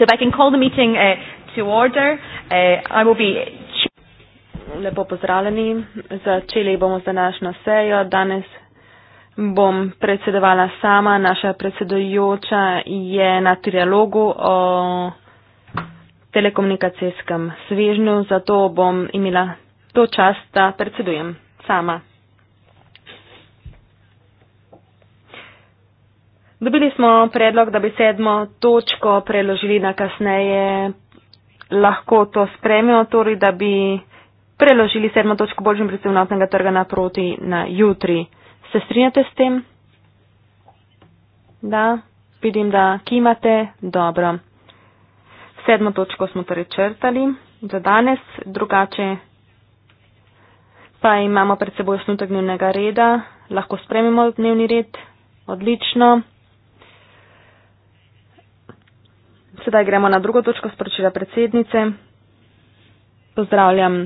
So if I can call the meeting uh, to order, uh, I will be... Lepo pozdravljeni. Začeli bomo z današnjo sejo. Danes bom predsedovala sama. Naša predsedujoča je na trialogu o telekomunikacijskem svežnju, zato bom imela to čast, da predsedujem sama. Dobili smo predlog, da bi sedmo točko preložili na kasneje. Lahko to spremijo, torej da bi preložili sedmo točko boljšim predstavljam notnega trga naproti na jutri. Se strinjate s tem? Da, vidim, da kimate. Dobro. Sedmo točko smo torej črtali za danes, drugače pa imamo pred seboj osnutek dnevnega reda. Lahko spremimo dnevni red. Odlično. Sedaj gremo na drugo točko sporočila predsednice. Pozdravljam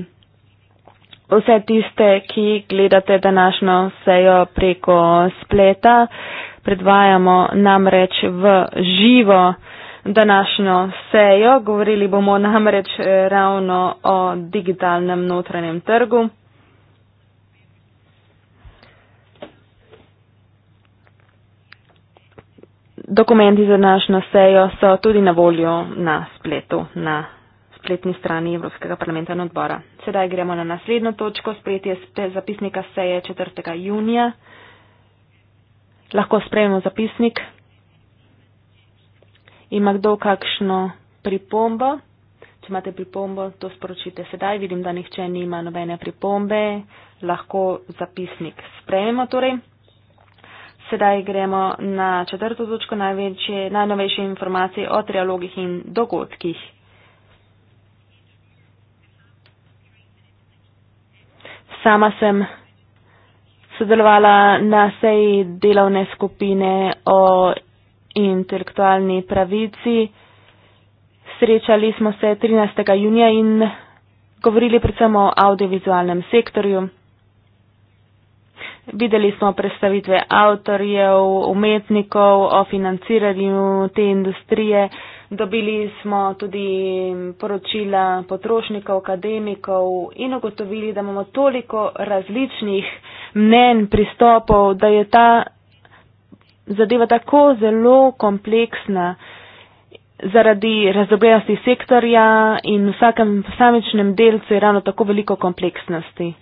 vse tiste, ki gledate današnjo sejo preko spleta. Predvajamo namreč v živo današnjo sejo. Govorili bomo namreč eh, ravno o digitalnem notranjem trgu. dokumenti za današnjo sejo so tudi na voljo na spletu, na spletni strani Evropskega parlamenta in odbora. Sedaj gremo na naslednjo točko, spletje zapisnika seje 4. junija. Lahko sprejemo zapisnik. Ima kdo kakšno pripombo? Če imate pripombo, to sporočite sedaj. Vidim, da nihče nima nobene pripombe. Lahko zapisnik sprejemo torej. Sedaj gremo na četrto točko največje, najnovejše informacije o trialogih in dogodkih. Sama sem sodelovala na seji delovne skupine o intelektualni pravici. Srečali smo se 13. junija in govorili predvsem o audiovizualnem sektorju. Videli smo predstavitve avtorjev, umetnikov o financiranju te industrije. Dobili smo tudi poročila potrošnikov, akademikov in ugotovili, da imamo toliko različnih mnen, pristopov, da je ta zadeva tako zelo kompleksna zaradi razdobljenosti sektorja in v vsakem posamičnem delcu je ravno tako veliko kompleksnosti.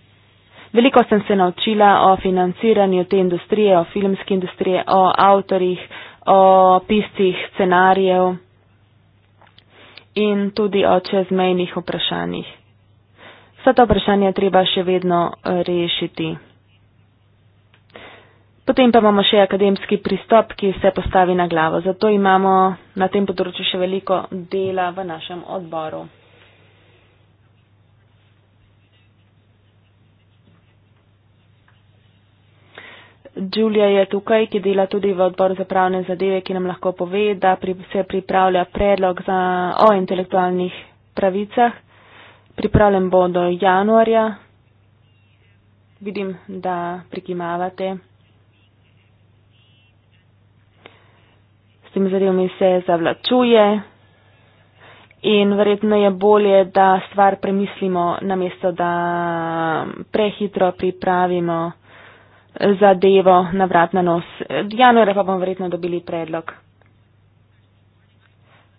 Veliko sem se naučila o financiranju te industrije, o filmski industriji, o avtorjih, o piscih scenarijev in tudi o čezmejnih vprašanjih. Vsa ta vprašanja treba še vedno eh, rešiti. Potem pa imamo še akademski pristop, ki vse postavi na glavo. Zato imamo na tem področju še veliko dela v našem odboru. Julija je tukaj, ki dela tudi v odboru za pravne zadeve, ki nam lahko pove, da pri, se pripravlja predlog za, o intelektualnih pravicah. Pripravljen bo do januarja. Vidim, da prikimavate. S tem zadevami se zavlačuje. In verjetno je bolje, da stvar premislimo, namesto da prehitro pripravimo zadevo na vrat na nos. Januarja pa bomo verjetno dobili predlog.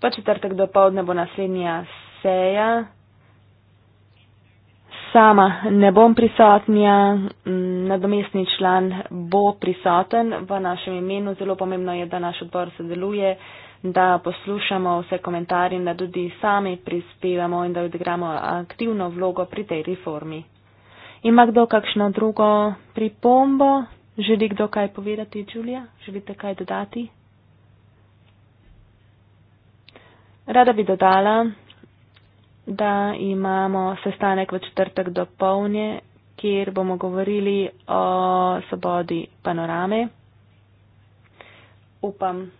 Pa četrtek do povdne bo naslednja seja. Sama ne bom prisotnja, nadomestni član bo prisoten v našem imenu. Zelo pomembno je, da naš odbor sodeluje, da poslušamo vse komentarje in da tudi sami prispevamo in da odigramo aktivno vlogo pri tej reformi. Ima kdo kakšno drugo pripombo? Želi kdo kaj povedati, Julija? Želite kaj dodati? Rada bi dodala, da imamo sestanek v četrtek do polnje, kjer bomo govorili o svobodi panorame. Upam,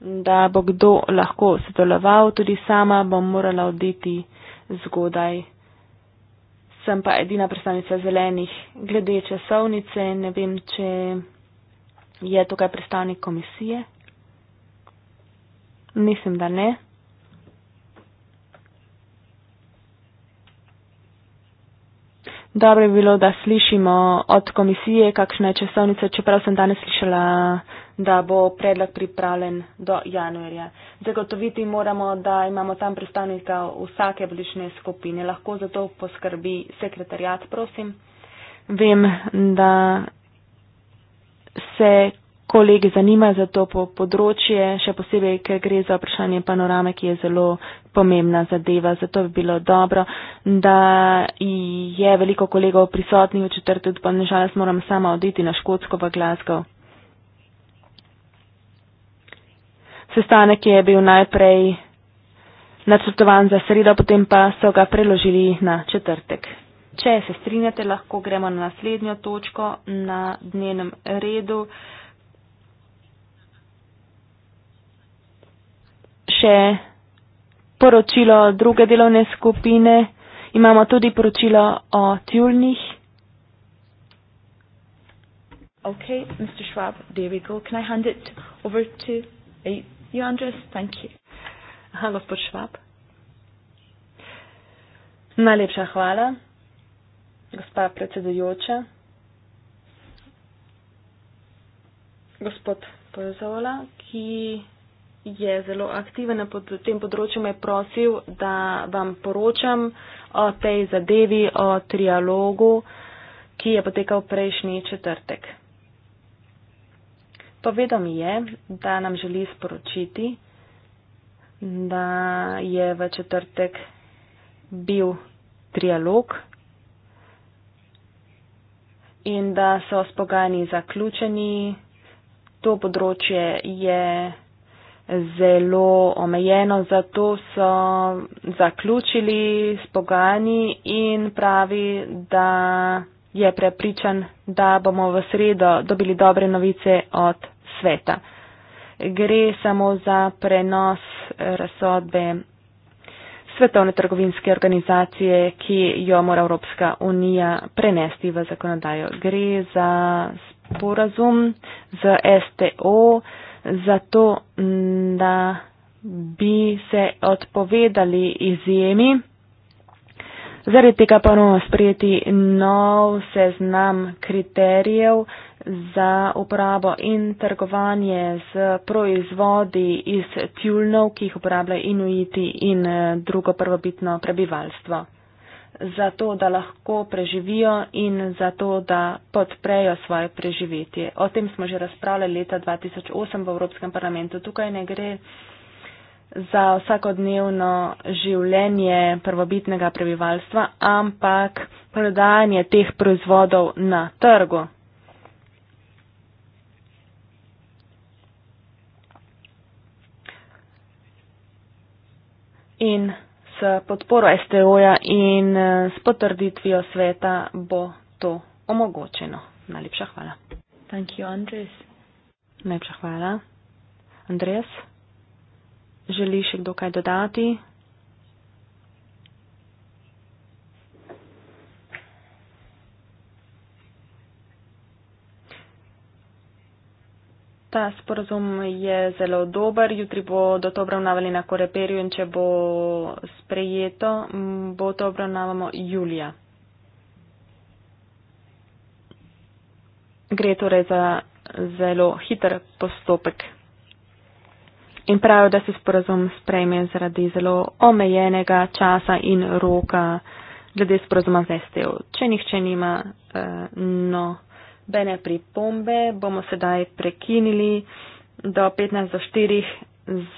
da bo kdo lahko sodeloval, tudi sama bom morala oditi zgodaj sem pa edina predstavnica zelenih glede časovnice. Ne vem, če je tukaj predstavnik komisije. Mislim, da ne. dobro bi bilo, da slišimo od komisije, kakšna je časovnica, čeprav sem danes slišala, da bo predlog pripravljen do januarja. Zagotoviti moramo, da imamo tam predstavnika vsake bližne skupine. Lahko za to poskrbi sekretarjat, prosim. Vem, da se kolege zanima za to po področje, še posebej, ker gre za vprašanje panorame, ki je zelo pomembna zadeva. Zato bi bilo dobro, da je veliko kolegov prisotnih v četrtek, pa nažalost moram sama oditi na Škotsko v Glasgow. Sestanek je bil najprej načrtovan za sredo, potem pa so ga preložili na četrtek. Če se strinjate, lahko gremo na naslednjo točko na dnevnem redu. še poročilo druge delovne skupine, imamo tudi poročilo o tjulnih. Ok, Mr. Schwab, there we go. Can I hand it over to eh, you, Andres? Thank you. Aha, gospod Schwab. Najlepša hvala, gospa predsedujoča. Gospod Pozola, ki je zelo aktiven na tem področju, me prosil, da vam poročam o tej zadevi, o trialogu, ki je potekal prejšnji četrtek. Povedal mi je, da nam želi sporočiti, da je v četrtek bil trialog in da so spogajani zaključeni. To področje je zelo omejeno, zato so zaključili s pogajanji in pravi, da je prepričan, da bomo v sredo dobili dobre novice od sveta. Gre samo za prenos razsodbe Svetovne trgovinske organizacije, ki jo mora Evropska unija prenesti v zakonodajo. Gre za sporazum z STO, zato, da bi se odpovedali izjemi. Zaradi tega pa moramo sprejeti nov seznam kriterijev za uporabo in trgovanje z proizvodi iz tjulnov, ki jih uporabljajo inuiti in eh, drugo prvobitno prebivalstvo zato, da lahko preživijo in zato, da podprejo svoje preživetje. O tem smo že razpravljali leta 2008 v Evropskem parlamentu. Tukaj ne gre za vsakodnevno življenje prvobitnega prebivalstva, ampak prodajanje teh proizvodov na trgu. In s podporo STO-ja in eh, s potrditvijo sveta bo to omogočeno. Najlepša hvala. Thank you, Andres. Najlepša hvala. Andres, želi še kdo kaj dodati? Ta sporozum je zelo dober. Jutri bo do to obravnavali na Koreperju in če bo sprejeto, bo to obravnavamo julija. Gre torej za zelo hiter postopek. In pravijo, da se sporozum sprejme zaradi zelo omejenega časa in roka glede sporozuma z STO. Če nihče nima, eh, no. Bene pripombe bomo sedaj prekinili do 15 do 4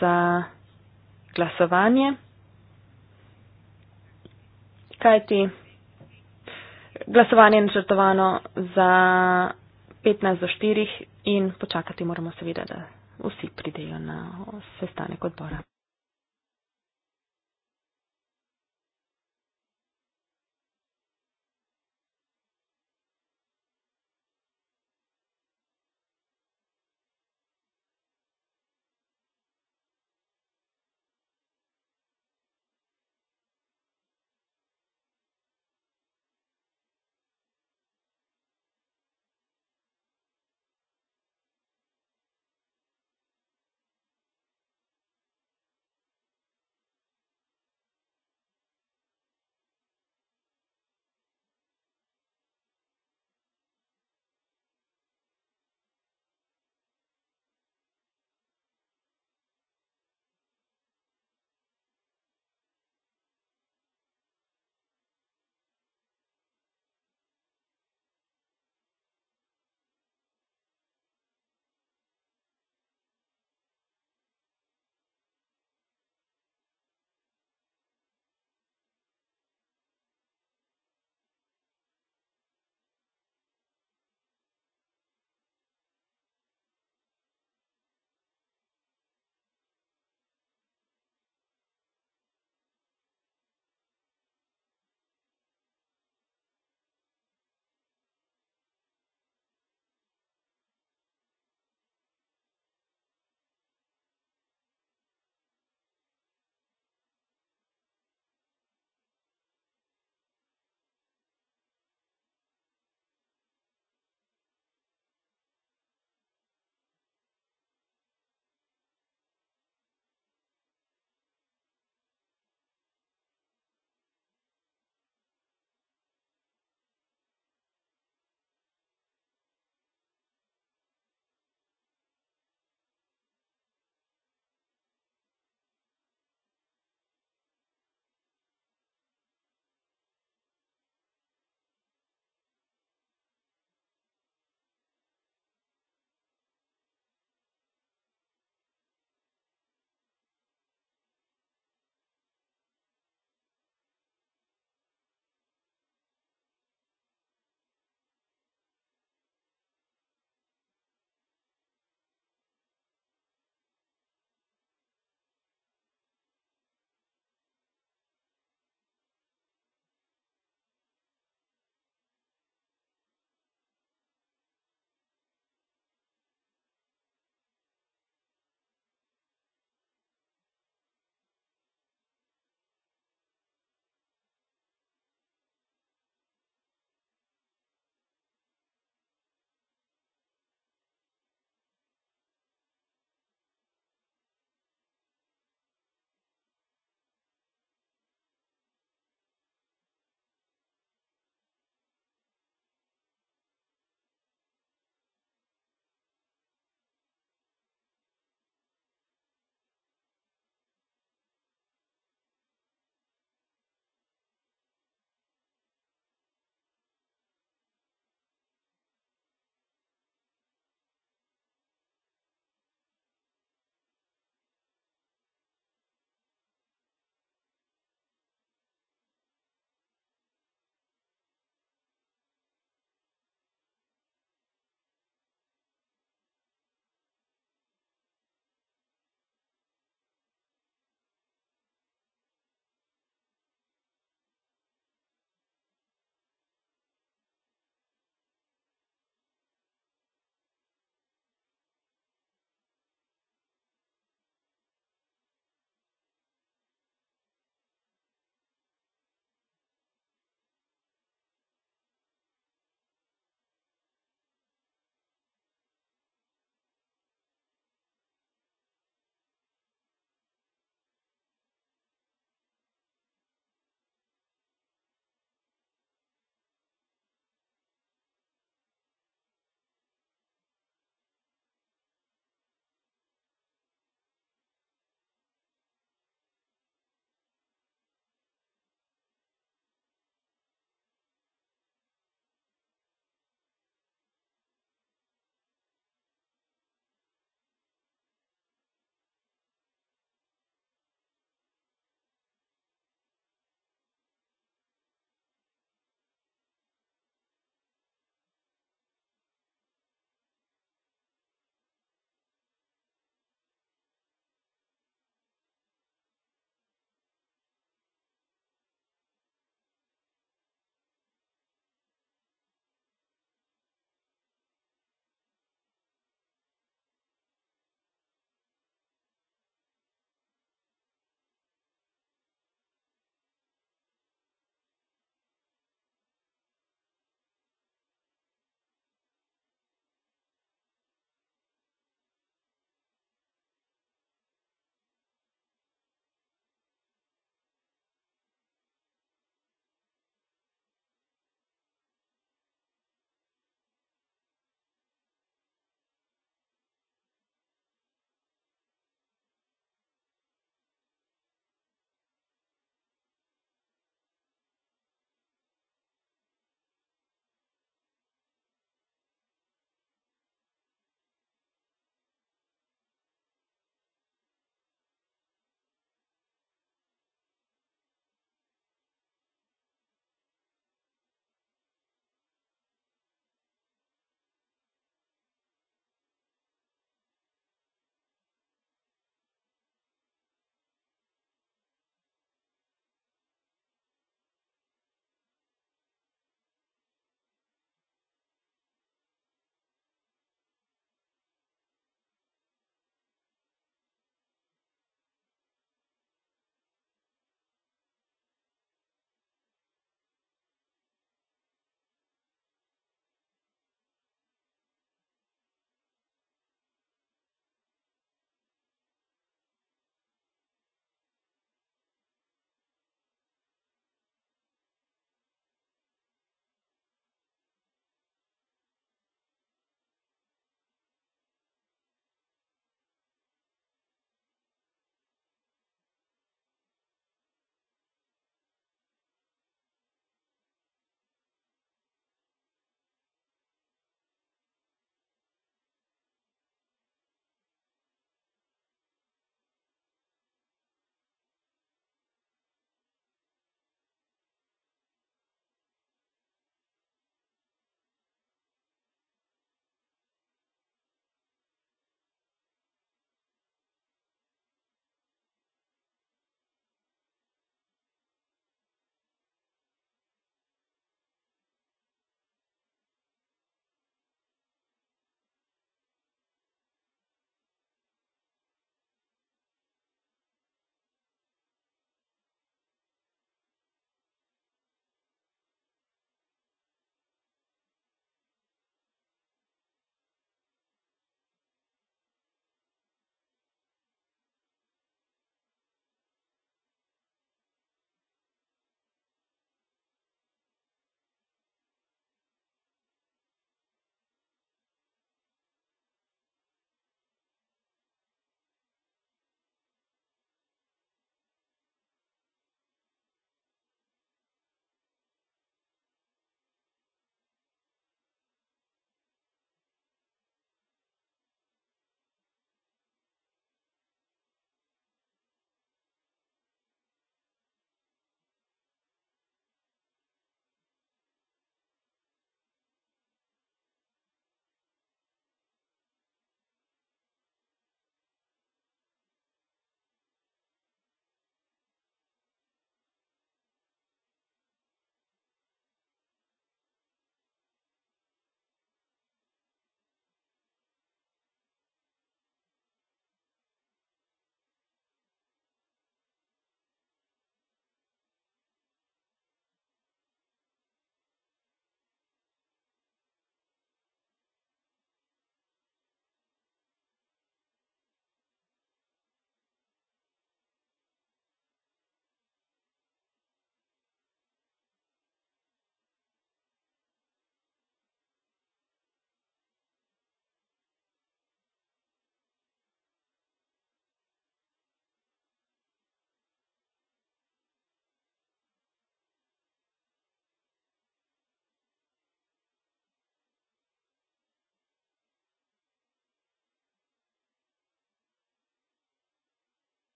za glasovanje. Kajti glasovanje je načrtovano za 15 do 4 in počakati moramo seveda, da vsi pridejo na sestanek odbora.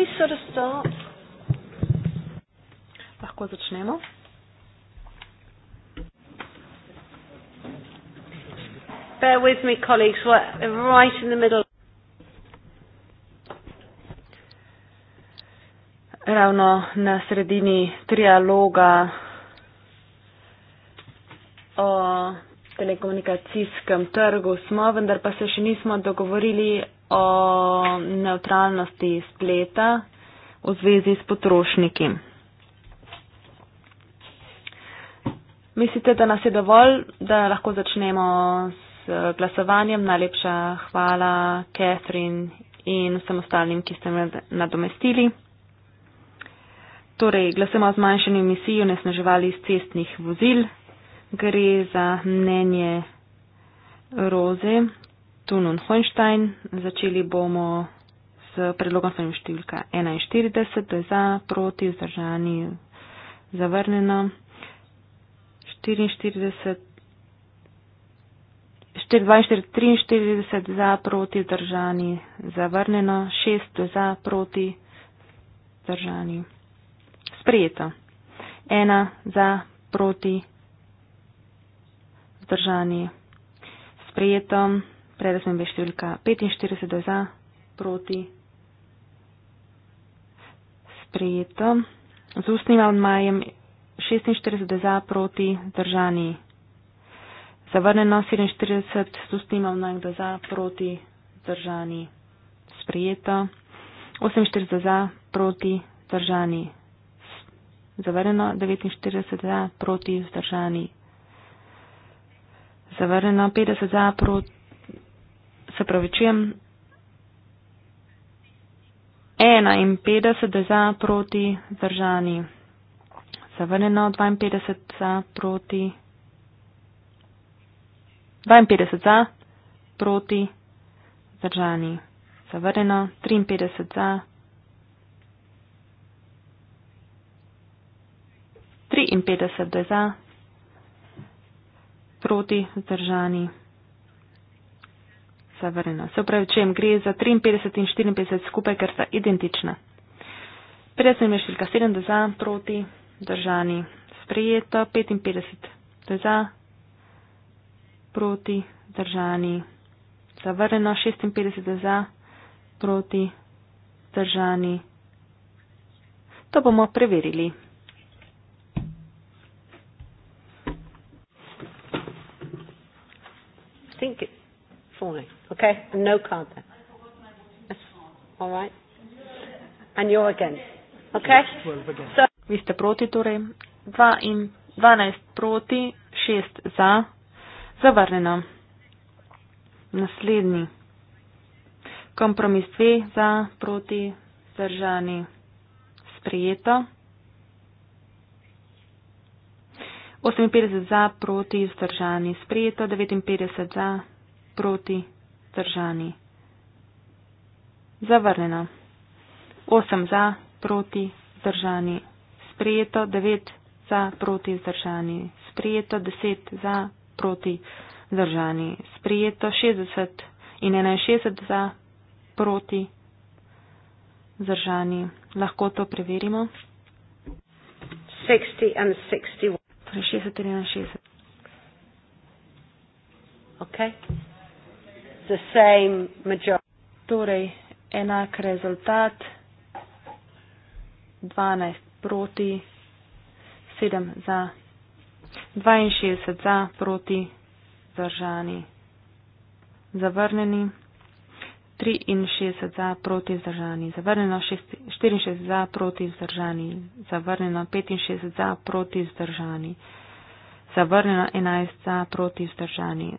we sort of start? Lahko začnemo. Bear with me, colleagues, we're right in the middle. Ravno na sredini trialoga o telekomunikacijskem trgu smo, vendar pa se še nismo dogovorili o neutralnosti spleta v zvezi s potrošniki. Mislite, da nas je dovolj, da lahko začnemo s glasovanjem? Najlepša hvala, Catherine in vsem ostalim, ki ste me nadomestili. Torej, glasujemo o zmanjšanju emisij onesnaževali iz cestnih vozil. Gre za mnenje Roze, Tun und Hohenstein. Začeli bomo s predlogom sem številka 41, to je za, proti, vzdržani, zavrnjeno. 44, 42, 43 za, proti, vzdržani, zavrnjeno. 6 za, proti, vzdržani. Sprijeto. 1 za, proti, vzdržani. Sprijeto. Predlog smo imeli številka 45 za, proti sprejeto. Z ustnim almajem 46 za, proti držani. Zavrneno 47, z ustnim almajem za, proti držani. Sprejeto. 48 za, proti držani. Zavrneno 49 za, proti vzdržani. Zavrneno 50 za, proti se pravi, čujem 51 za proti zdržani, zavrnjeno 52 za proti, 52 za proti zdržani, zavrnjeno 53 za. 53 je za, proti zdržani. Severina. Se pravi, če jim gre za 53 in 54 skupaj, ker sta identična. 50 je številka 7 za, proti, držani, sprejeto, 55 za, proti, držani, zavrneno, 56 za, proti, držani. To bomo preverili. Thank you morning. Okay? No card then. Alright. And you're again. Okay? Vi ste proti torej. 12 proti, 6 za. Zavrnjeno. Naslednji. Kompromis 2 za, proti, zdržani. Sprijeto. 58 za, proti, vzdržani, sprijeto, 59 za, proti, zdržani. Zavrnjeno. 8 za, proti, zdržani. Sprijeto 9 za, proti, zdržani. Sprijeto 10 za, proti, zdržani. Sprijeto 60 in 61 za, proti, zdržani. Lahko to preverimo. 60 torej in 61. Okay the same majority. Torej, enak rezultat. 12 proti, 7 za, 62 za proti, zdržani, zavrneni, 63 za proti, zdržani, zavrneno, 64 za proti, zdržani, zavrneno, 65 za proti, zdržani, zavrneno, 11 za proti, zdržani,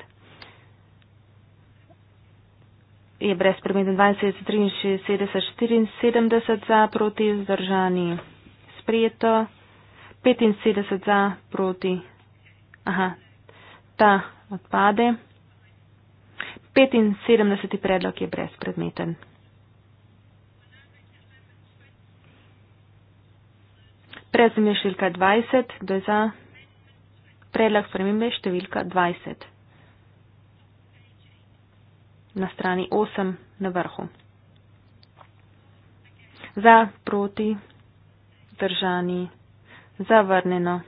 je brez predmeta 20, 63, 74 za proti zdržani. Sprijeto. 75 za proti. Aha, ta odpade. 75. predlog je brezpredmeten. Prezim je številka 20, da je za predlog spremembe številka 20 na strani 8 na vrhu. Za, proti, držani, zavrnjeno.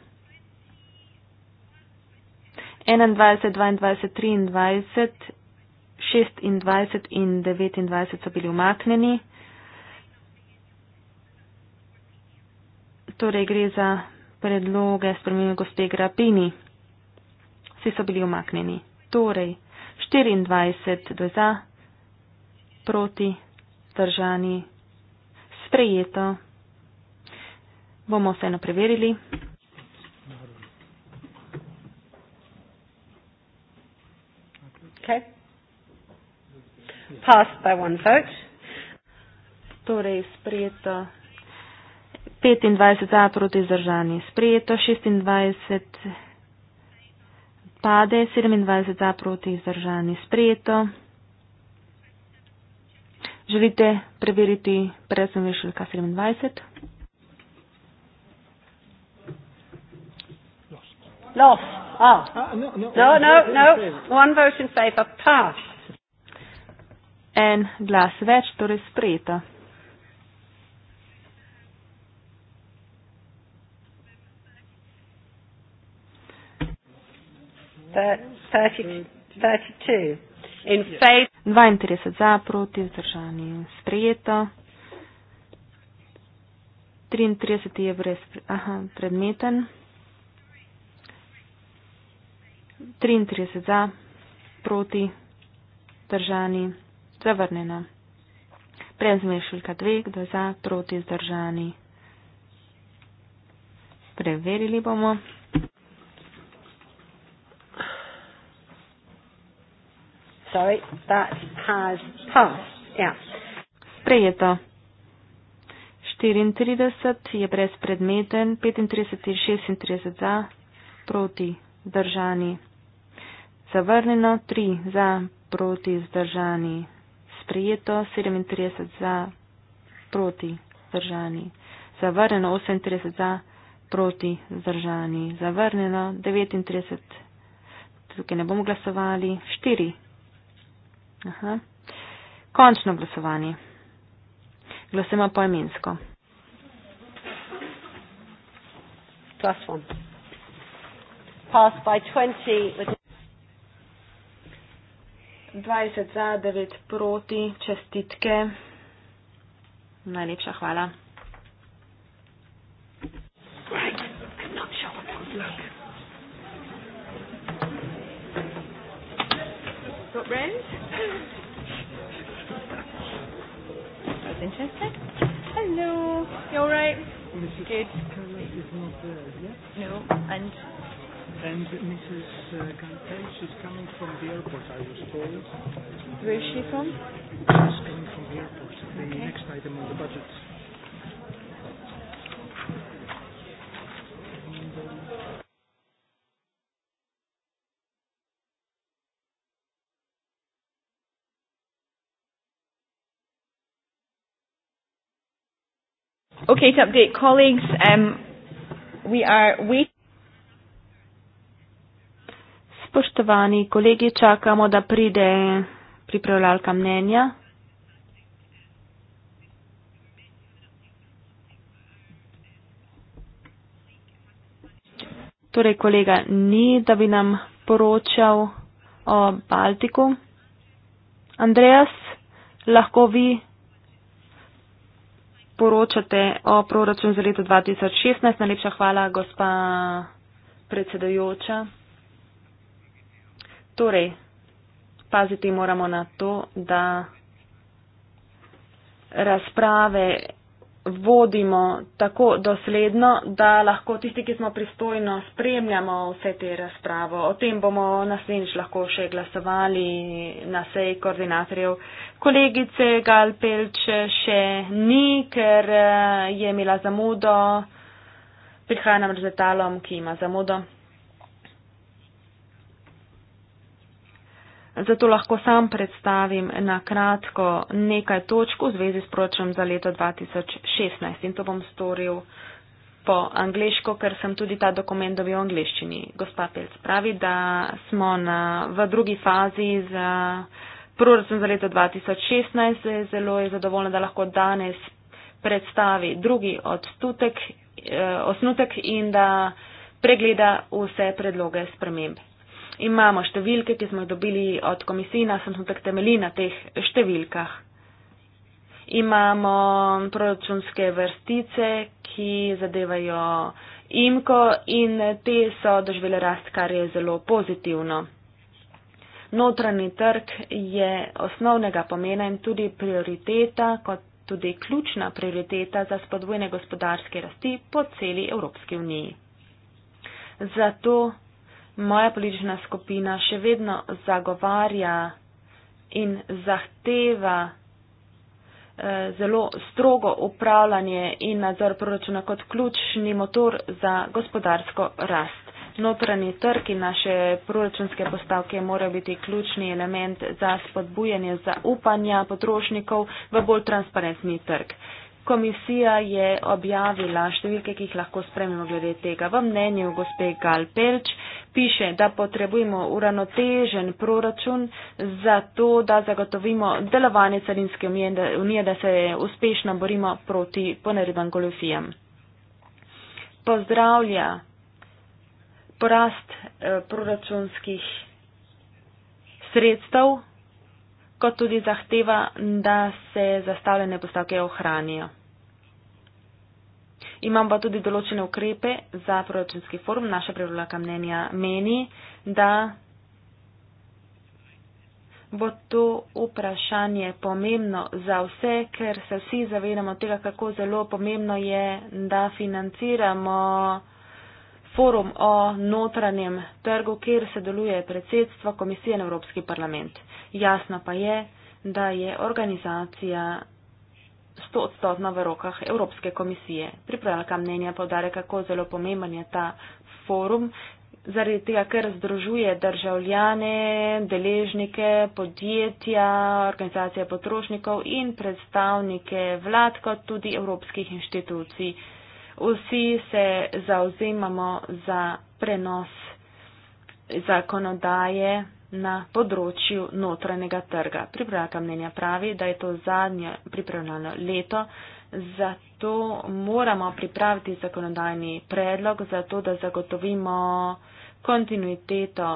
21, 22, 23, 26 in 29 so bili umaknjeni. Torej gre za predloge spremenjega gospe Grapini. Vsi so bili umaknjeni. Torej, 24 do za, proti, držani, sprejeto. Bomo vseeno preverili. Okay. Passed by one vote. Torej, sprejeto. 25 za, proti, zdržani, sprejeto. 26 pade 27 za proti izdržani sprejeto. Želite preveriti predsednik številka 27? Lost. Oh. Uh, no, no, no, no, one vote in favor, pass. En glas več, torej sprejeto. 32 za, proti, zdržani, sprejeto. 33 je brez aha, predmeten. 33 za, proti, zdržani, zavrnjeno. Prezmešljika 2, kdo za, proti, zdržani. Preverili bomo. Sorry, that has passed. Yeah. Prejeto. 34 je brezpredmeten, 35 in 36 za, proti, zdržani. Zavrnjeno, 3 za, proti, zdržani. Sprejeto, 37 za, proti, zdržani. Zavrnjeno, 38 za, proti, zdržani. Zavrnjeno, 39, tukaj ne bomo glasovali, 4. Aha. Končno glasovanje. Glasujemo poimensko. Pass by 20. 20 za 9 proti, čestitke. Najlepša hvala. friends. That's interesting. Hello. You all right? Mrs. Good. Carlet is not there yet. No. And? And Mrs. Uh, Gantel, she's coming from the airport, I was told. Where is she from? She's coming from the airport. The okay. next item on the budget. Okay, to update colleagues, um, we are waiting. Spoštovani kolegi, čakamo, da pride pripravljalka mnenja. Torej, kolega ni, da bi nam poročal o Baltiku. Andreas, lahko vi poročate o proračun za leto 2016. Najlepša hvala, gospa predsedajoča. Torej, paziti moramo na to, da razprave vodimo tako dosledno, da lahko tisti, ki smo pristojno, spremljamo vse te razpravo. O tem bomo naslednjič lahko še glasovali na sej koordinatorjev. Kolegice Galpelče še ni, ker eh, je imela zamudo, prihaja nam z letalom, ki ima zamudo. Zato lahko sam predstavim na kratko nekaj točk v zvezi s proračunom za leto 2016 in to bom storil po angliško, ker sem tudi ta dokument dobil v angliščini. Gospa Pelc pravi, da smo na, v drugi fazi za proračun za leto 2016. Zelo je zadovoljna, da lahko danes predstavi drugi odstutek, eh, osnutek in da pregleda vse predloge sprememb imamo številke, ki smo jih dobili od komisije, nas smo tako temeli na teh številkah. Imamo proračunske vrstice, ki zadevajo imko in te so doživele rast, kar je zelo pozitivno. Notranji trg je osnovnega pomena in tudi prioriteta, kot tudi ključna prioriteta za spodbojne gospodarske rasti po celi Evropski uniji. Zato moja politična skupina še vedno zagovarja in zahteva eh, zelo strogo upravljanje in nadzor proračuna kot ključni motor za gospodarsko rast. Notranji trg in naše proračunske postavke morajo biti ključni element za spodbujanje zaupanja potrošnikov v bolj transparentni trg. Komisija je objavila številke, ki jih lahko spremimo glede tega. V mnenju gospe Galpelč piše, da potrebujemo uravnotežen proračun za to, da zagotovimo delovanje carinske unije, da se uspešno borimo proti ponaredan goljofijam. Pozdravlja porast eh, proračunskih sredstev kot tudi zahteva, da se zastavljene postavke ohranijo. Imam pa tudi določene ukrepe za proračunski forum. Naša prevlaka mnenja meni, da bo to vprašanje pomembno za vse, ker se vsi zavedamo tega, kako zelo pomembno je, da financiramo forum o notranjem trgu, kjer se deluje predsedstvo komisije in Evropski parlament jasno pa je, da je organizacija stotstotno v rokah Evropske komisije. Pripravljaka mnenja povdare, kako zelo pomemben je ta forum, zaradi tega, ker združuje državljane, deležnike, podjetja, organizacije potrošnikov in predstavnike vlad, kot tudi evropskih inštitucij. Vsi se zauzemamo za prenos zakonodaje na področju notranjega trga. Pripravka mnenja pravi, da je to zadnje pripravljeno leto, zato moramo pripraviti zakonodajni predlog, zato da zagotovimo kontinuiteto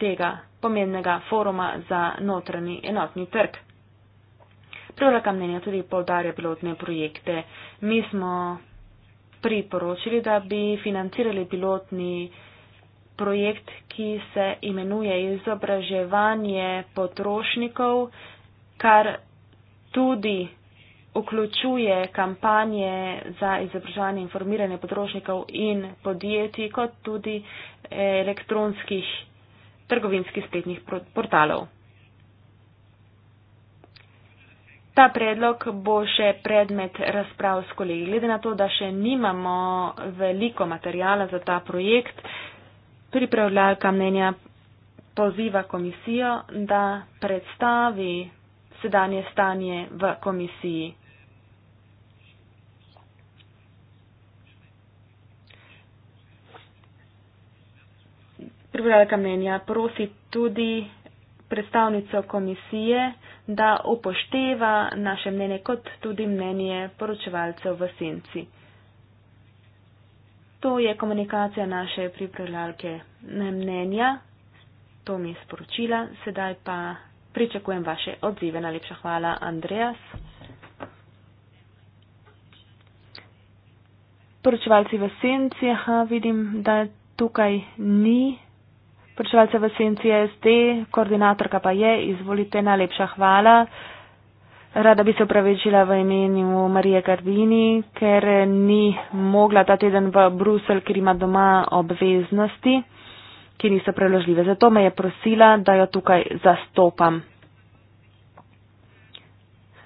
tega pomembnega foruma za notranji enotni trg. Pripravka mnenja tudi povdarja pilotne projekte. Mi smo priporočili, da bi financirali pilotni projekte projekt, ki se imenuje izobraževanje potrošnikov, kar tudi vključuje kampanje za izobraževanje in informiranje potrošnikov in podjetij, kot tudi elektronskih trgovinskih spletnih portalov. Ta predlog bo še predmet razprav s kolegi. Glede na to, da še nimamo veliko materijala za ta projekt, eh, Tudi prevladka mnenja poziva komisijo, da predstavi sedanje stanje v komisiji. Prevladka mnenja prosi tudi predstavnico komisije, da upošteva naše mnenje kot tudi mnenje poročevalcev v senci. To je komunikacija naše pripravljalke mnenja, to mi je sporočila, sedaj pa pričakujem vaše odzive. Najlepša hvala, Andreas. Poročevalci v senci, aha, vidim, da tukaj ni. Poročevalce v senci SD, koordinatorka pa je, izvolite, najlepša hvala. Rada bi se upravičila v imenu Marije Karvini, ker ni mogla ta teden v Bruselj, ker ima doma obveznosti, ki niso preložljive. Zato me je prosila, da jo tukaj zastopam.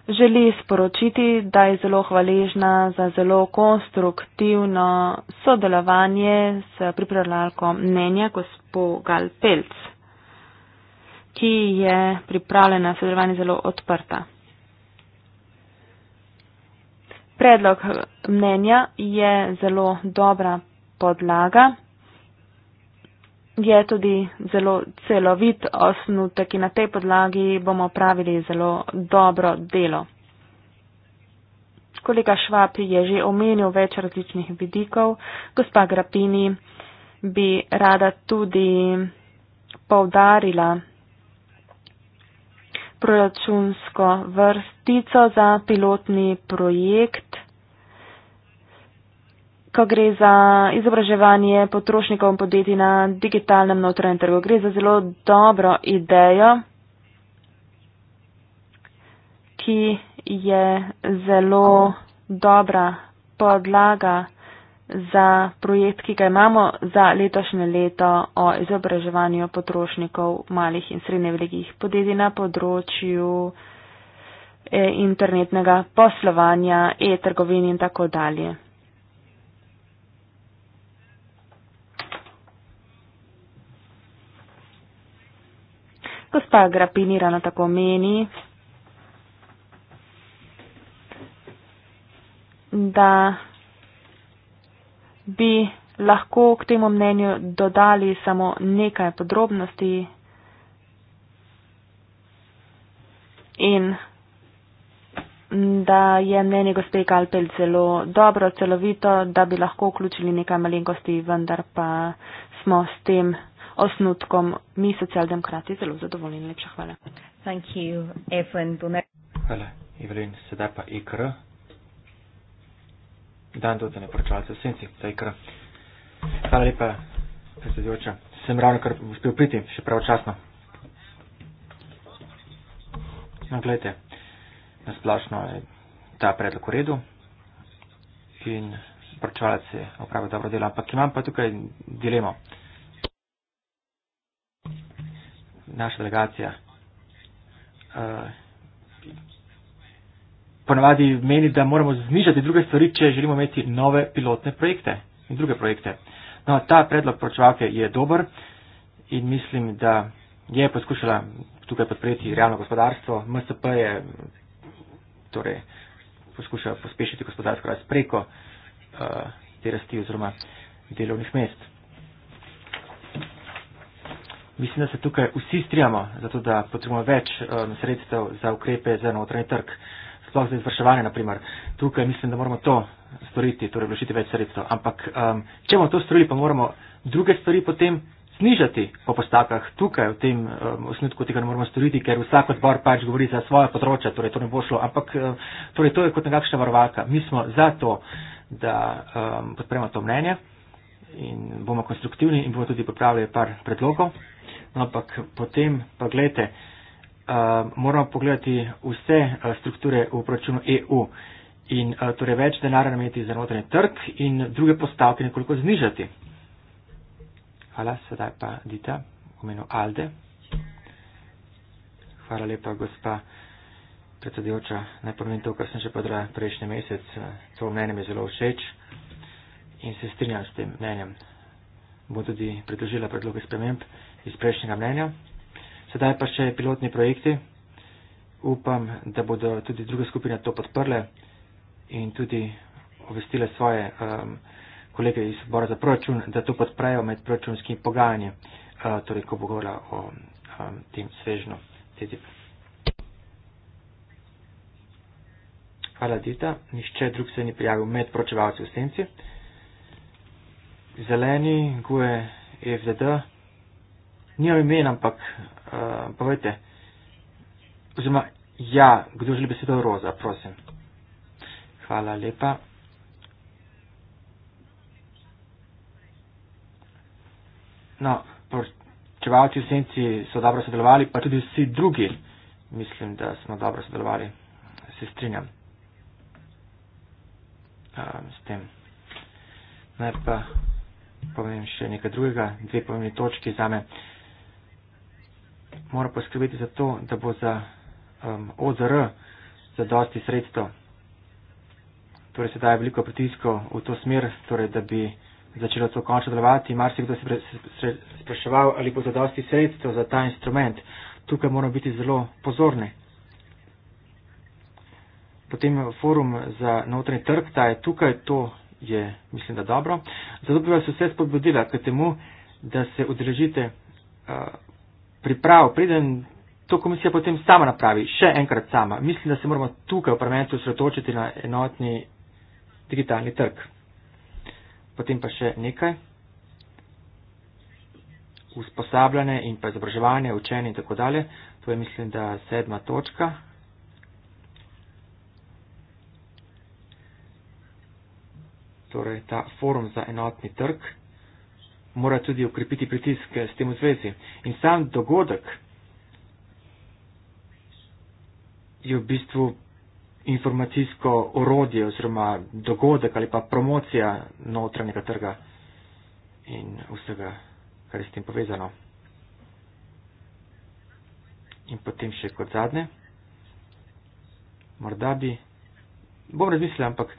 Želi sporočiti, da je zelo hvaležna za zelo konstruktivno sodelovanje s pripravljalko mnenja gospo Galpelc, ki je pripravljena sodelovanje zelo odprta. predlog mnenja je zelo dobra podlaga. Je tudi zelo celovit osnutek in na tej podlagi bomo pravili zelo dobro delo. Kolega Švapi je že omenil več različnih vidikov. Gospa Grapini bi rada tudi povdarila proračunsko vrstico za pilotni projekt ko gre za izobraževanje potrošnikov in podjetij na digitalnem notranjem trgu. Gre za zelo dobro idejo, ki je zelo dobra podlaga za projekt, ki ga imamo za letošnje leto o izobraževanju potrošnikov malih in srednje velikih podjetij na področju e, internetnega poslovanja, e-trgovin in tako dalje. Gospa Grapinirana tako meni, da bi lahko k temu mnenju dodali samo nekaj podrobnosti in da je mnenje gospe Kalpel zelo dobro, celovito, da bi lahko vključili nekaj malenkosti, vendar pa smo s tem osnutkom. Mi socialdemokrati zelo zadovoljni. Lepša hvala. Thank you, Evelyn. Hvala, Evelyn. Sedaj pa IKR. Dan do dne poročalce v senci, za IKR. Hvala lepa, predsedujoča. Sem ravno kar uspel priti, še pravočasno. No, gledajte, nasplošno je ta predlog v redu in poročalec je opravil dobro delo, ampak imam pa tukaj dilemo. naša delegacija. Eh, ponavadi meni, da moramo znižati druge stvari, če želimo imeti nove pilotne projekte in druge projekte. No, ta predlog pročvake je dober in mislim, da je poskušala tukaj podpreti realno gospodarstvo. MSP je torej, poskušala pospešiti gospodarsko rast preko uh, te rasti oziroma delovnih mest. Mislim, da se tukaj vsi strijamo, zato da potrebujemo več um, sredstev za ukrepe za notranji trg, sploh za izvrševanje, naprimer. Tukaj mislim, da moramo to storiti, torej vložiti več sredstev. Ampak, um, če bomo to storili, pa moramo druge stvari potem znižati po postakah. Tukaj v tem um, osnutku tega ne moramo storiti, ker vsak odbor pač govori za svoje področje, torej to ne bo šlo. Ampak, um, torej to je kot nekakšna varovaka. Mi smo za to, da um, podpremo to mnenje in bomo konstruktivni in bomo tudi popravili par predlogov ampak potem pa gledajte, eh, moramo pogledati vse eh, strukture v proračunu EU in eh, torej več denarja nameti za notranje trg in druge postavke nekoliko znižati. Hvala, sedaj pa Dita, v imenu Alde. Hvala lepa, gospa predsedujoča. Naj povem to, kar sem že podala prejšnji mesec. To mnenje mi je zelo všeč in se strinjam s tem mnenjem. Bo tudi predložila predloge sprememb iz prejšnjega mnenja. Sedaj pa še pilotni projekti. Upam, da bodo tudi druge skupine to podprle in tudi obvestile svoje um, kolege iz Bora za proračun, da to podprejo med proračunskimi pogajanji, uh, torej ko bo govorila o um, tem svežno TTIP. Hvala, Dita. Nihče drug se ni prijavil med pročevalci v senci. Zeleni, GUE, FDD nimam imena, ampak uh, eh, povedite, oziroma, ja, kdo želi besedo roza, prosim. Hvala lepa. No, porčevalci v senci so dobro sodelovali, pa tudi vsi drugi, mislim, da smo dobro sodelovali, se strinjam uh, s tem. Naj pa povem še nekaj drugega, dve pomembni točki za me. Uh, mora poskrbeti za to, da bo za um, OZR za dosti sredstev. Torej se daje veliko pritiskov v to smer, torej, da bi začelo to končno delovati. Mar si kdo se spraševal, ali bo za dosti sredstev za ta instrument. Tukaj moramo biti zelo pozorni. Potem forum za notranji trg, ta je tukaj, to je mislim, da dobro. Zato bi vas vse spodbudila k temu, da se udeležite uh, priprav, preden to komisija potem sama napravi, še enkrat sama. Mislim, da se moramo tukaj v parlamentu sretočiti na enotni digitalni trg. Potem pa še nekaj. Usposabljanje in pa izobraževanje, učenje in tako dalje. To je mislim, da sedma točka. Torej ta forum za enotni trg mora tudi ukrepiti pritisk s tem v zvezi. In sam dogodek je v bistvu informacijsko orodje oziroma dogodek ali pa promocija notranjega trga in vsega, kar je s tem povezano. In potem še kot zadnje, morda bi, bom razmislil, ampak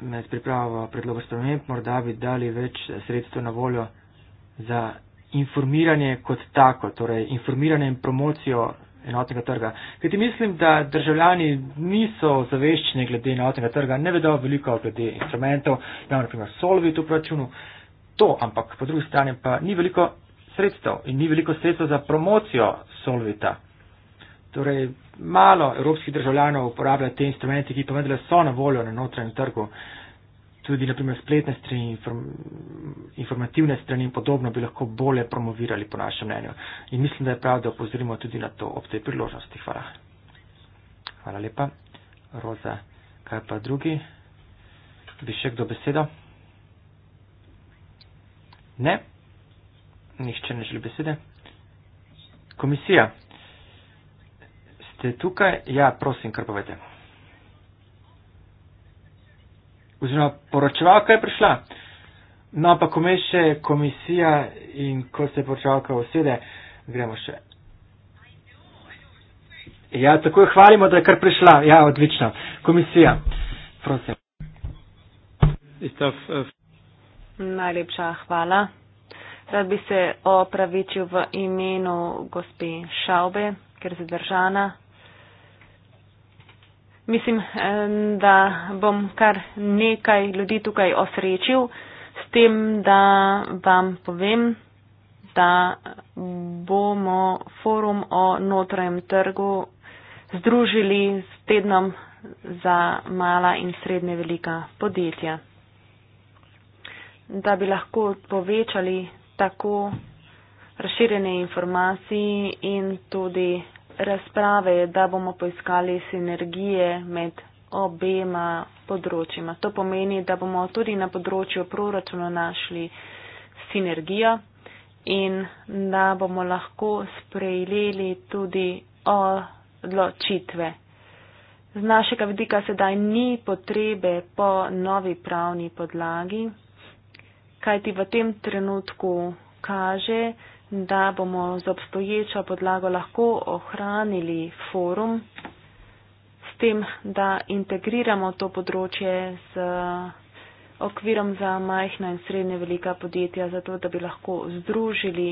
med pripravo predloga sprememb morda bi dali več sredstev na voljo za informiranje kot tako, torej informiranje in promocijo enotnega trga. Kajti mislim, da državljani niso zaveščeni glede enotnega trga, ne vedo veliko glede instrumentov, imamo naprimer solvi v proračunu, to, ampak po drugi strani pa ni veliko sredstev in ni veliko sredstev za promocijo solvita. Torej, malo evropskih državljanov uporablja te instrumente, ki pa vendarle so na voljo na notranjem trgu. Tudi naprimer spletne strani, inform, informativne strani in podobno bi lahko bolje promovirali po našem mnenju. In mislim, da je prav, da opozorimo tudi na to ob tej priložnosti. Hvala. Hvala lepa. Roza, kaj pa drugi? Bi še kdo besedo? Ne? Nihče ne želi besede? Komisija ste tukaj, ja, prosim, kar povete. Oziroma, poročevalka je prišla. No, pa ko me še komisija in ko se poročevalka usede, gremo še. Ja, tako jo hvalimo, da je kar prišla. Ja, odlično. Komisija, prosim. Najlepša hvala. Rad bi se opravičil v imenu gospe Šaube, ker je zadržana. Mislim, da bom kar nekaj ljudi tukaj osrečil s tem, da vam povem, da bomo forum o notranjem trgu združili s tednom za mala in srednje velika podjetja. Da bi lahko povečali tako razširjene informacije in tudi razprave je, da bomo poiskali sinergije med obema področjima. To pomeni, da bomo tudi na področju proračuna našli sinergijo in da bomo lahko sprejeli tudi odločitve. Z našega vidika sedaj ni potrebe po novi pravni podlagi, kajti v tem trenutku kaže, da bomo z obstoječo podlago lahko ohranili forum s tem, da integriramo to področje z okvirom za majhna in srednje velika podjetja, zato da bi lahko združili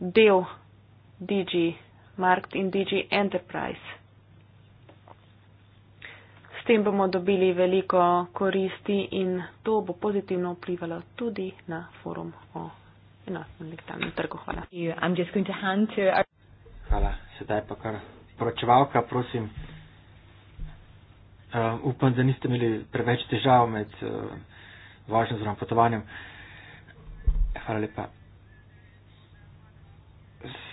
del DG Markt in DG Enterprise tem bomo dobili veliko koristi in to bo pozitivno vplivalo tudi na forum o enotnem digitalnem trgu. Hvala. Hvala. Sedaj pa kar poročevalka, prosim. Um, upam, da niste imeli preveč težav med uh, vašim zelo potovanjem. Hvala lepa.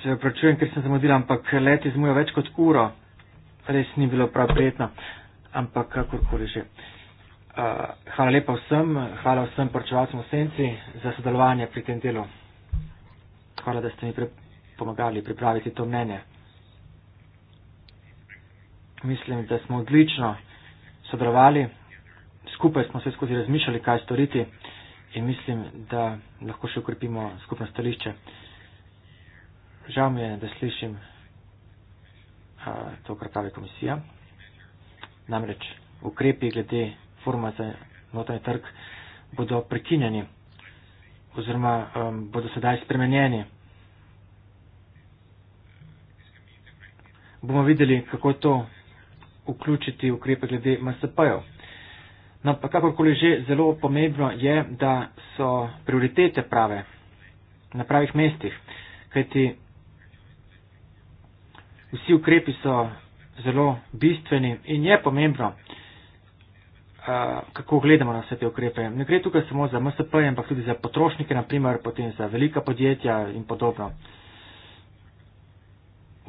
Se opravičujem, ker sem zamudila, ampak let izmuja več kot uro. Res ni bilo prav prijetno ampak kakorkoli že. Hvala lepa vsem, hvala vsem poročevalcem v senci za sodelovanje pri tem delu. Hvala, da ste mi pomagali pripraviti to mnenje. Mislim, da smo odlično sodelovali, skupaj smo se skozi razmišljali, kaj storiti in mislim, da lahko še ukrepimo skupno stališče. Žal mi je, da slišim uh, to, kar pravi komisija namreč ukrepi glede forma za notranji trg bodo prekinjeni oziroma um, bodo sedaj spremenjeni. Bomo videli, kako je to vključiti ukrepe glede MSP-jev. No, pa kakorkoli že, zelo pomembno je, da so prioritete prave, na pravih mestih, kajti vsi ukrepi so zelo bistveni in je pomembno, kako gledamo na vse te ukrepe. Ne gre tukaj samo za MSP, ampak tudi za potrošnike, naprimer, potem za velika podjetja in podobno.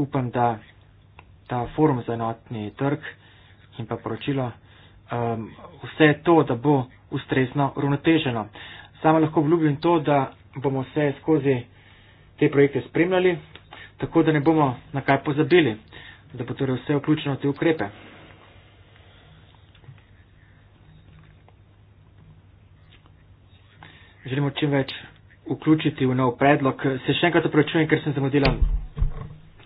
Upam, da ta forum za enotni trg in pa poročilo um, vse to, da bo ustrezno uravnoteženo. Sama lahko obljubim to, da bomo vse skozi te projekte spremljali, tako da ne bomo na kaj pozabili da bo torej vse vključeno v te ukrepe. Želimo čim več vključiti v nov predlog. Se še enkrat opravičujem, ker sem zamudila,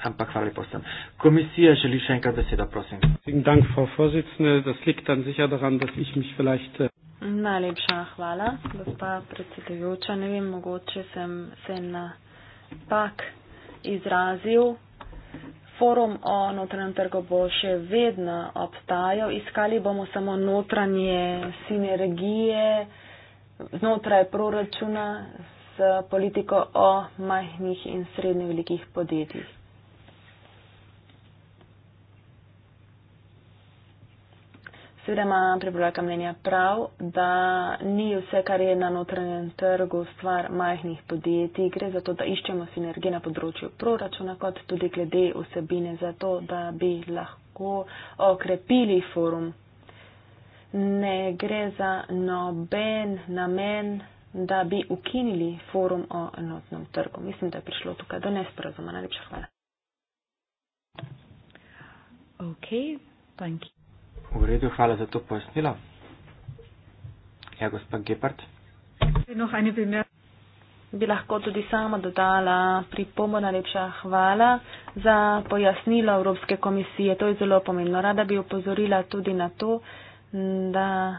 ampak hvala lepo sem. Komisija želi še enkrat beseda, prosim. Äh, Najlepša hvala, gospa predsedujoča. Ne vem, mogoče sem se napak izrazil. Forum o notranjem trgu bo še vedno obstajal, iskali bomo samo notranje sinergije znotraj proračuna s politiko o majhnih in srednjih velikih podjetjih. Seveda imam prevelika mnenja prav, da ni vse, kar je na notranjem trgu, stvar majhnih podjetij. Gre za to, da iščemo sinergije na področju proračuna, kot tudi glede vsebine, zato da bi lahko okrepili forum. Ne gre za noben namen, da bi ukinili forum o notnem trgu. Mislim, da je prišlo tukaj do nesporazuma. Najlepša hvala. Okay, thank you. V redu, hvala za to pojasnilo. Ja, gospod Gepard. Bi lahko tudi sama dodala pripombo, najlepša hvala za pojasnilo Evropske komisije. To je zelo pomembno. Rada bi upozorila tudi na to, da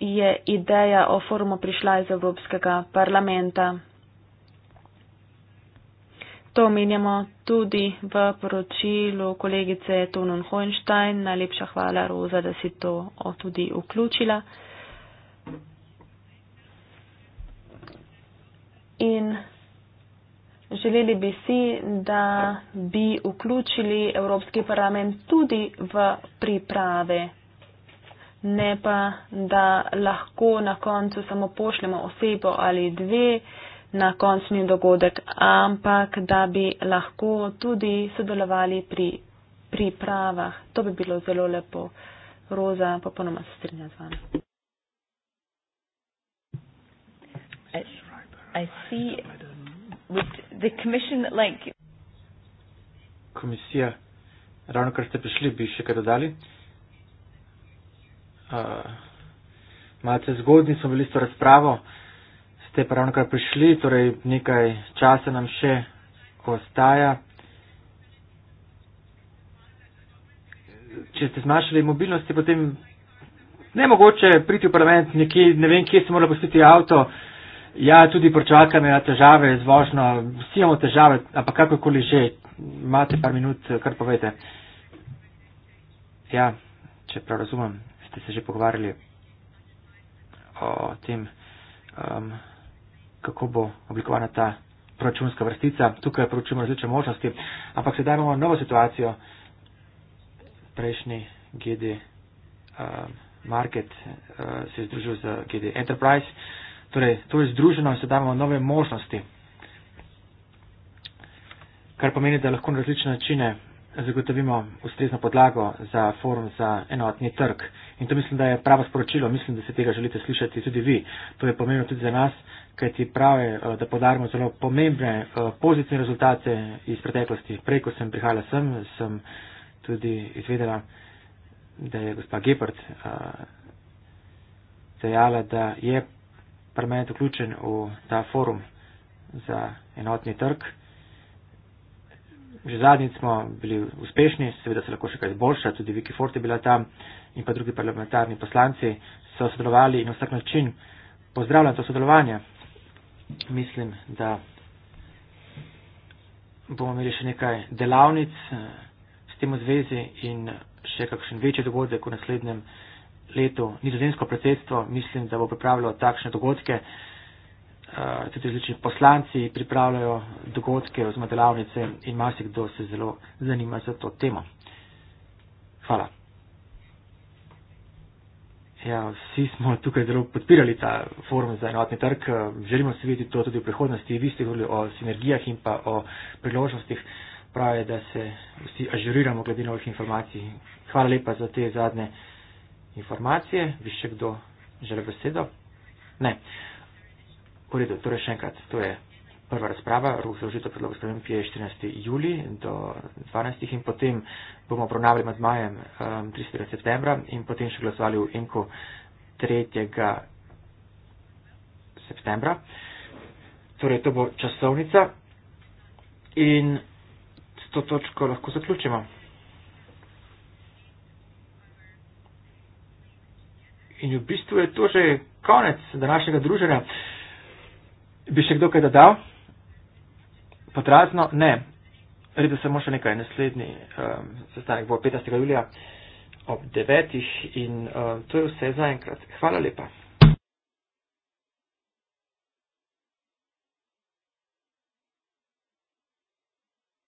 je ideja o forumu prišla iz Evropskega parlamenta. To omenjamo tudi v poročilu kolegice Tonon Hoenstein. Najlepša hvala, Roza, da si to tudi vključila. In želeli bi si, da bi vključili Evropski parlament tudi v priprave, ne pa, da lahko na koncu samo pošljemo osebo ali dve, na končni dogodek, ampak da bi lahko tudi sodelovali pri pripravah. To bi bilo zelo lepo. Roza, popolnoma se strinja z vami. Komisija, ravno kar ste prišli, bi še kaj dodali. Uh, malce zgodni smo bili s to razpravo. Uh, ste pa ravno kar prišli, torej nekaj časa nam še ostaja. Če ste zmanjšali mobilnost, je potem nemogoče priti v parlament, nekje, ne vem, kje se mora pustiti avto. Ja, tudi pročaka me na težave z vožnjo, vsi imamo težave, ampak kakorkoli že, imate par minut, kar povete. Ja, če prav razumem, ste se že pogovarjali o tem. Um, kako bo oblikovana ta proračunska vrstica. Tukaj proračujemo različne možnosti, ampak sedaj imamo novo situacijo. Prejšnji GD uh, eh, Market uh, se je združil z GD Enterprise. Torej, to je združeno in sedaj imamo nove možnosti. Kar pomeni, da lahko na različne načine zagotovimo ustrezno podlago za forum za enotni trg. In to mislim, da je pravo sporočilo, mislim, da se tega želite slišati tudi vi. To je pomembno tudi za nas, kajti prav je, eh, da podarimo zelo pomembne eh, pozitivne rezultate iz preteklosti. Prej, ko sem prihajala sem, sem tudi izvedela, da je gospa Gepard eh, dejala, da je parlament vključen v ta forum za enotni trg že zadnjič smo bili uspešni, seveda se lahko še kaj izboljša, tudi Viki Forte je bila tam in pa drugi parlamentarni poslanci so sodelovali in na vsak način pozdravljam to sodelovanje. Mislim, da bomo imeli še nekaj delavnic eh, s tem v zvezi in še kakšen večji dogodek v naslednjem letu. Nizozemsko predsedstvo mislim, da bo pripravilo takšne dogodke. Eh, tudi različni poslanci pripravljajo dogodke oziroma delavnice in marsikdo se zelo zanima za to temo. Hvala. Ja, vsi smo tukaj zelo podpirali ta forum za enotni trg. Želimo se videti to tudi v prihodnosti. Vi ste govorili o sinergijah in pa o priložnostih. Prav je, da se vsi ažuriramo glede novih informacij. Hvala lepa za te zadnje informacije. Vi še kdo želi besedo? Ne. Uh, V redu, torej še enkrat, to je prva razprava, ruh za užito predlogo sprememb je 14. juli do 12. in potem bomo obravnavali med majem 30. Um, septembra in potem še glasovali v Enko 3. septembra. Torej, to bo časovnica in s to točko lahko zaključimo. In v bistvu je to že konec današnjega druženja. Bi še kdo kaj dodal? Potrazno? Ne. Rede samo še nekaj. Naslednji um, sestanek bo 15. julija ob 9. in uh, to je vse zaenkrat. Hvala lepa.